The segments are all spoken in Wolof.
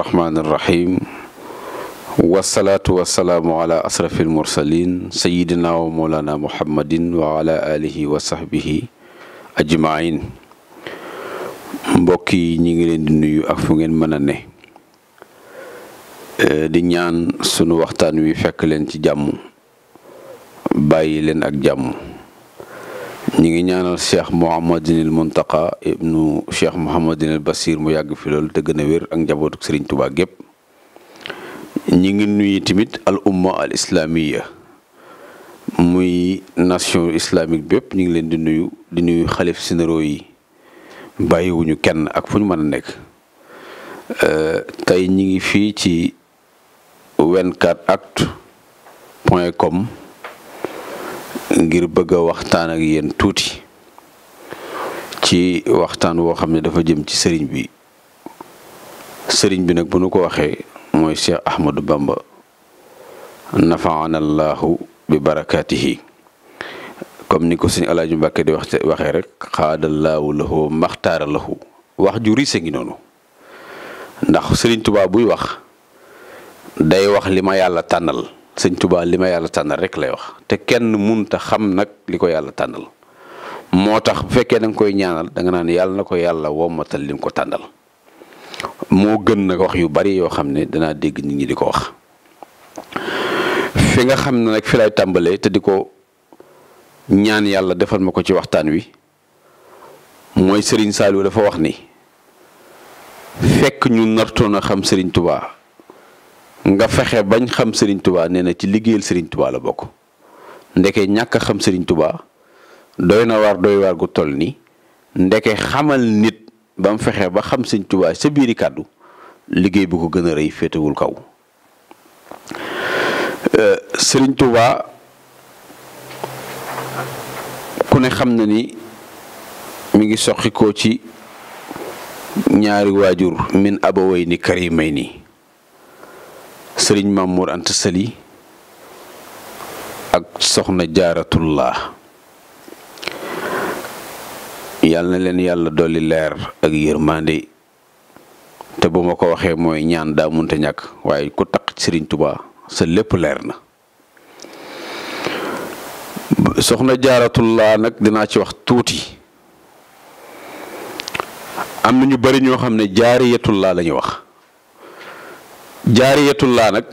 rahmaani rahim wasalaatu wasalaamu ala asrafil mursalin sayidina wa moolana muhammadin wa ala wa sahbihi ajmain mbokk yi ñi ngi leen di nuyu ak fu ngeen mën a ne eh, di ñaan sunu waxtaan wi fekk leen ci jàmm bàyyi leen ak jàmm ñu ngi ñaanal cheikh Mouhamadinil Mountakha ibnu cheikh Mouhamadinil Bassir mu yàgg fi loolu te gën a wér ak njabootu Serigne tubaa gépp ñi ngi nuyu tamit al umma al islamiya muy nation islamique bépp ñu ngi leen di nuyu di nuyu xalif généraux yi bàyyiwuñu kenn ak fu ñu mën a nekk tey ñi ngi fii ci 24actu point com ngir bëgg a waxtaan ak yéen tuuti ci waxtaan woo xam ne dafa jëm ci sëriñ bi sëriñ bi nag bu nu ko waxee mooy Cheikh Ahmadou Bamba nafaana allahu bi barakaatihi comme ni ko suñu alaaju Mbàkke di wax waxee rek xaadallaahu lahu maxtaara lahu wax ju riise ngi noonu ndax sëriñ Tuubaa buy wax day wax li yàlla tànnal sëñ tubaa li ma yàlla tànnal rekk lay wax te kenn munta xam nag li ko yàlla tànnal moo tax bu fekkee danga koy ñaanal danga nga naan yàlla na ko yàlla wommatal li nga ko tànnal moo gën nag wax yu bari yoo xam ne danaa dégg nit ñi di ko wax fi nga xam ne nag fi lay tàmbalee te di ko ñaan yàlla defal ma ko ci waxtaan wi mooy sëriñ Saliou dafa wax ni fekk ñu nartoon a xam sëriñ tubaa nga fexe bañ xam sëriñ tubaa nee na ci liggéeyal Serigne Touba la bokk ndeke ñàkk a xam sëriñ Touba doy na war doy waar gu toll ni ndeke xamal nit ba fexe ba xam Serigne Touba sa biiri kàddu liggéey bu ko gën a rëy féetewul kaw euh, Serigne Touba ku ne xam na ni mu ngi soqikoo ci ñaari waajur min abaway ni may nii sëriñ Mamour Anta Sali ak soxna jaaratullah yal na leen yàlla dolli leer ak yërmande te bu ma ko waxee mooy ñaan daa munta ñàkk waaye ku takk sëriñ Tuubaa sa lépp leer na soxna jaaratullah nag dinaa ci wax tuuti am na ñu bari ñoo xam ne jaariyatullah la ñu wax jaar jaariyatullaa nag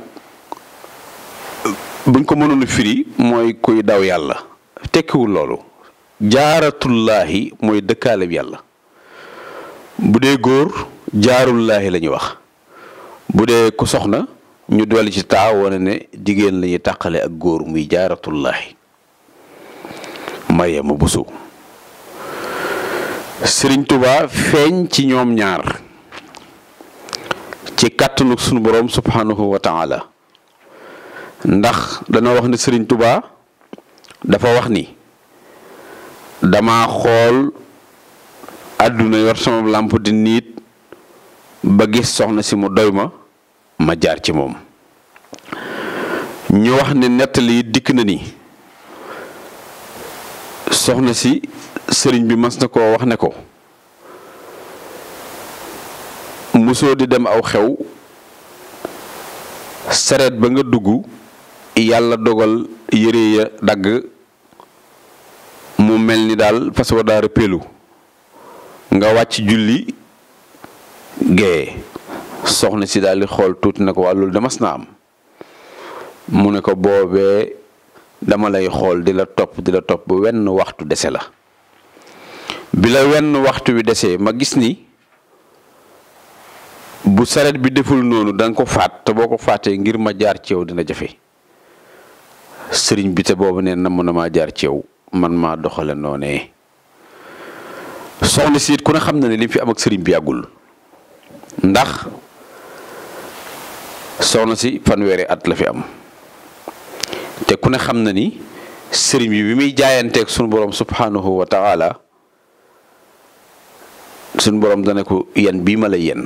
buñ ko mënoon firi mooy kuy daw yàlla tekkiwul loolu jaaratullaahi mooy dëkkaaleb yàlla bu dee góor jaarullaahi la wax bu dee ku soxna ñu dolli ci taa wane ne jigéen la ñuy tàqale ak góor muy jaaratullaahi Mariama Bousso Sëriñ Tuubaa feeñ ci ñoom ñaar ci kàttanu sunu borom subhanahu wa la ndax danoo wax ne sëriñ Touba dafa wax ni dama xool àdduna yor sama làmp di niit ba gis soxna si mu doy ma ma jaar ci moom ñu wax ne nettali dikk na ni soxna si sëriñ bi mas na koo wax ne ko mosoo di dem aw xew sareet ba nga dugg yàlla dogal yére ya dagg mu mel ni daal fas wa daara pelu nga wàcc julli gee soxna si daal di xool tuuti na ko wàllu loolu mas na am mu ne ko boobee dama lay xool di la topp di la topp ba wenn waxtu dese la bi la wenn waxtu wi desee ma gis ni bu saret bi deful noonu danga ko faat te boo ko faatee ngir ma jaar ceew dina jafe sëriñ bi te boobu neen na mën a maa jaar ci man maa doxale noonee soxna si it ku ne xam na ne li fi am ak bi yàggul ndax soxna si fanweeri at la fi am te ku ne xam na ni sëriñ bi bi muy jaayanteeg sunu borom subhanahu wa taala sunu boroom dana ko yan bii ma la yen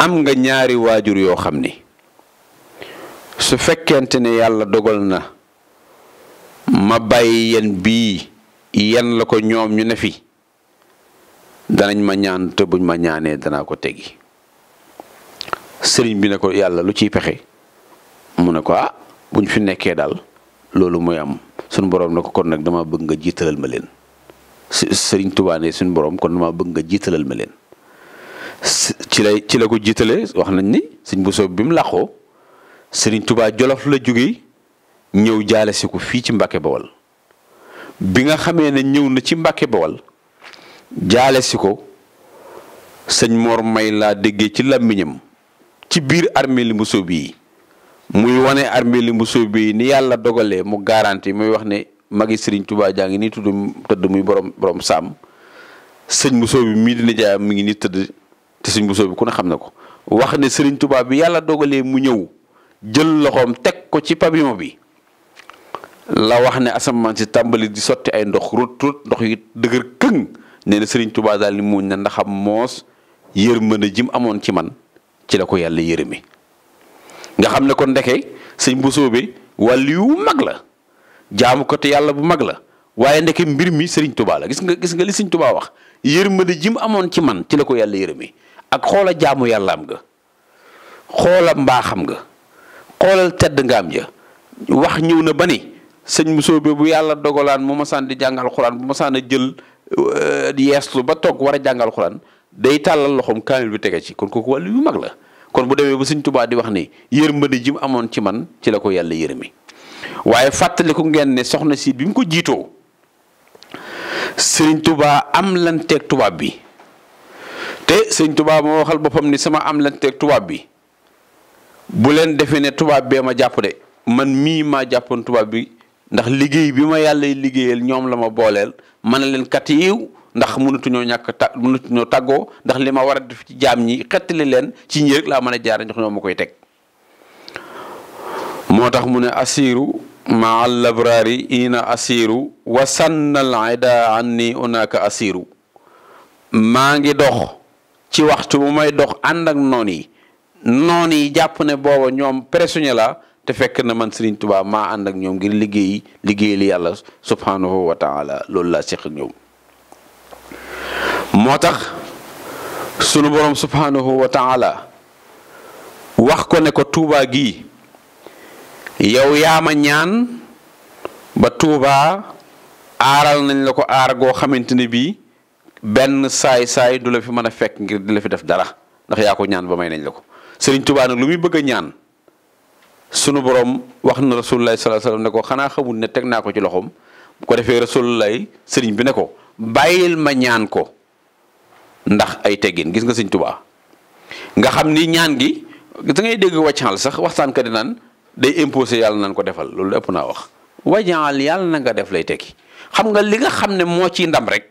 am nga ñaari waajur yoo xam ni su fekkente ne yàlla dogal na ma bàyyi yen bii yen la ko ñoom ñu ne fi danañ ma ñaan te buñ ma ñaanee danaa ko tegi sëriñ bi ne ko yàlla lu ciy pexe mu ne ko ah buñ fi nekkee daal loolu mooy am suñu boroom ne ko kon nag dama bëgg nga jiitalal ma leen sëriñ Tuubaa ne suñu boroom kon dama bëgg nga jiitalal ma leen ci lay ci la ko jiitalee wax nañ ni sëñ Bousso bi mu làqoo sëriñ tubaa Jolof la jóge ñëw jaale si ko fii ci Mbàkke Bawal bi nga xamee ne ñëw na ci Mbàkke Bawal jaale si ko sëñ Mor May laa déggee ci làmmiñam ci biir armée li Bousso bii muy wane armée li Bousso bii ni yàlla dogalee mu garanti muy wax ne magi sëriñ tubaa jaa ngi nii tudd tëdd muy borom borom saam sëñ Bousso bi mii dina jaay mi ngi nii tëdd te suñ busoo bi ku ne xam ne ko wax ne sëriñ Tuubaa bi yàlla dogalee mu ñëw jël loxoom teg ko ci pavillon bi la wax ne asamaan si tàmbali di sotti ay ndox rut rut ndox yi dëgër këng nee na sëriñ tubaa daal ni muuñ na ndaxam moos yërmande jim amoon ci man ci la ko yàlla yërëme nga xam ne kon ndeke sëñ busoo bi wàllu yu mag la jaamu ko yàlla bu mag la waaye ndeke mbir mi sëriñ Tuubaa la gis nga gis nga li sëriñ Tuubaa wax yërmande jim amoon ci man ci la ko yàlla yërëme ak xoola jaamu yàlla am nga xoola mbaaxam nga xoolal tedd nga am ja wax ñëw na ba ni sëñ Muso bi bu yàlla dogalaan mu masaan di jàngal xuraan bu masaan a jël euh, yeeslu ba toog war a jàngal xuraan day tàllal loxoom kaamil bi tege ci kon kooku wàllu yu mag la kon bu demee ba sëñ tubaa di wax ni yërmande ji mu amoon ci man ci la ko yàlla mi waaye fàttaliku ngeen ne soxna si bi mu ko jiitoo sëriñ Tuubaa am lan teeg tubaab bi te sëñ tubaab moo waxal boppam ni sama am lanteeg tubaab bi bu leen defee ne tubaab bee ma jàpp de man mii maa jàppoon tubaab bi ndax liggéey bi ma yàlla liggéeyal ñoom la ma booleel man leen kat ndax mënatuñoo ñàkk ta mënatuñoo tàggoo ndax li ma war a def ci jaam ñi xettali leen ci ñi rek laa mën a jaar ndox ñoo ma koy teg moo tax mu ne asiru maa labrari ina asiru wa sannal ida anni unaka asiru maa ngi dox ci waxtu bu may dox ànd ak noon yi noon yi jàpp ne booba ñoom presuñe la te fekk na man Serigne Touba maa ànd ak ñoom ngir liggéey liggéey li yàlla subhanahu wa taala loolu laa seq ak ñoom moo tax sunu boroom subhanahu wa wax ko ne ko Touba gi yow yaa ma ñaan ba Touba aaral nañ la ko aar goo xamante ne bii benn saay-saay du la fi mën a fekk ngir di la fi def dara ndax yaa ko ñaan ba may nañ la ko Sëriñ Tuubaa nag lu muy bëgg a ñaan sunu boroom wax na rasulullahi sallallahu alayhi wasallam ko xanaa xamul ne teg naa ko ci loxoom bu ko defee rasulullahi sëriñ bi ne ko bàyyil ma ñaan ko ndax ay teggin gis nga Sëriñ Tuubaa nga xam ni ñaan gi da ngay dégg wàccaal sax waxtaan ka di naan day imposé yàlla nan ko defal loolu ëpp naa wax wajaal yàlla na nga def lay tekki xam nga li nga xam ne moo ci ndam rek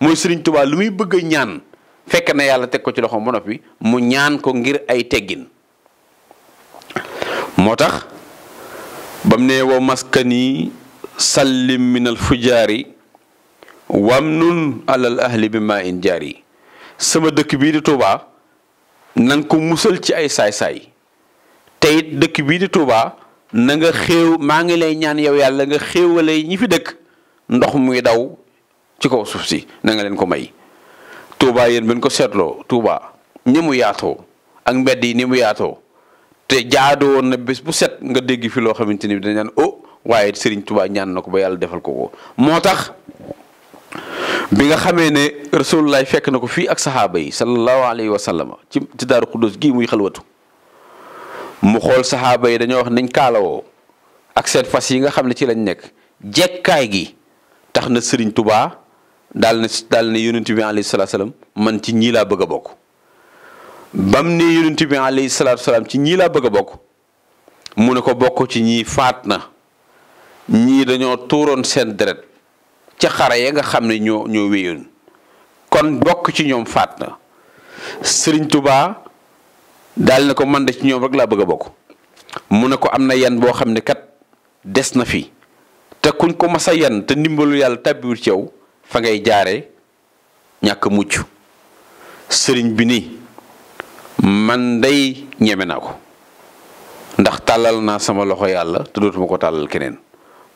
mooy Serigne Touba lu muy bëgg ñaan fekk na yàlla teg ko ci loxoom ba noppi mu ñaan ko ngir ay teggin moo tax bam ne wa maskani sallim min al fujaari wamnun alal ahli bi ma in jaari sama dëkk bii di Touba na nga ko musal ci ay saay-saay te dëkk bii di Touba na nga maa ngi lay ñaan yow yàlla nga xéewalee ñi fi dëkk ndox muy daw ci kaw suuf si na leen ko may Touba yéen buñ ko seetloo Touba ni mu yaatoo ak mbedd yi ni mu yaatoo te jaado woon na bés bu set nga dégg fi loo xamante ni dañ naan oh waaye Serigne Touba ñaan na ko ba yàlla defal ko ko moo tax bi nga xamee ne rasulullah fekk na ko fii ak saxaaba yi sallallahu alayhi wa sallam ci ci daaru Xuddoos gii muy xalwatu mu xool saxaaba yi dañoo wax nañ kaalawoo ak seen fas yi nga xam ne ci lañ nekk jekkaay gi tax na sëriñ Touba. daal na daal ne yonent bi alayhi salaatu salaam man ci ñii laa bëgg a bokk bam ne yonent bi alayhi salaatu salaam ci ñii laa bëgg bokk mu ne ko bokk ci ñii faat na ñii dañoo tuuroon seen deret ca xare ya nga xam ne ñoo ñoo wéyoon kon bokk ci ñoom faat na Sëriñ tubaa daal ne ko man de ci ñoom rek laa bëgg a bokk mu ne ko am na yan boo xam ne kat des na fi te kuñ ko mas a yan te ndimbalu yàlla tàbbiwul ci yow fa ngay jaare ñàkk mucc sëriñ bi nii man day ñeme naa ko ndax tàllal naa sama loxo yàlla te dootuma ko tàllal keneen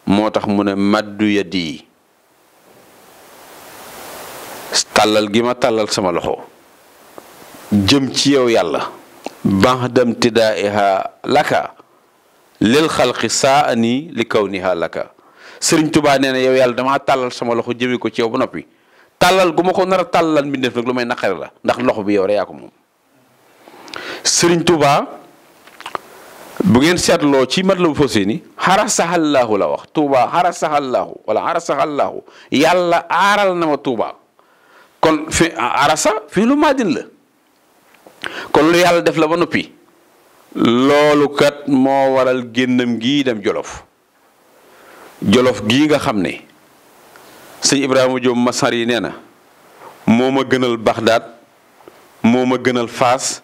moo tax mu ne maddu yaddi tàllal gi ma tàllal sama loxo jëm ci yow yàlla baxdam tidaiha laka lil xalqi saa ani li kaw niha laka sëriñ tubaa nee na yow yàlla damaa tàllal sama loxo jëmee ko ci yaw ba noppi tàllal gu ma ko nar a tàllal mbindeef nag lu may naqari la ndax loxo bi yow rek yaa ko moom sëriñ tubaa bu ngeen seetloo ci mat la bu fas ni xarasaxallaahu la wax tuuba xarasaxallaahu wala xarasaxallaahu yàlla aaral na ma tuubaa kon fi arasa fii lu maadin la kon lu yàlla def la ba noppi loolu kat moo waral génnam gii dem jolof jolof gii nga xam ne sëñ Ibrahima Diop Masar yi nee na moo ma gënal Baxdaad moo ma gënal Faas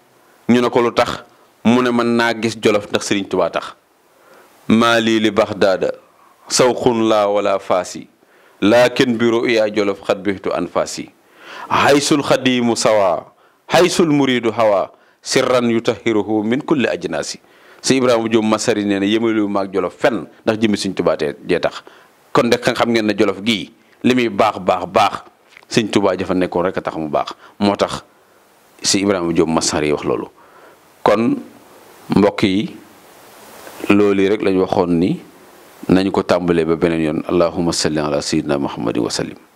ñu ne ko lu tax mu ne man naa gis jolof ndax Sëriñ Tubaa tax maa lii li Baxdaada sawxun laa wala faas yi laakin bi ruyaa jolof xat bixtu an faas yi xaysul xadiimu sawaa xaysul muriidu hawaa sirran yutahiruhu min kulli ajnaasi si Ibrahima Diop Masary nee na yemaliwu maag jolof fenn ndax jëmmi suñ tubaa dee tax kon de xam ngeen ne jolof gii li muy baax baax baax suñ tubaa jafa nekkoon rek a tax mu baax moo tax si Ibrahima Diop Masary wax loolu kon mbokk yi loolu rek lañ waxoon ni nañu ko tàmbalee ba beneen yoon allahumma salli ala sayyidina muhammadin wa sallim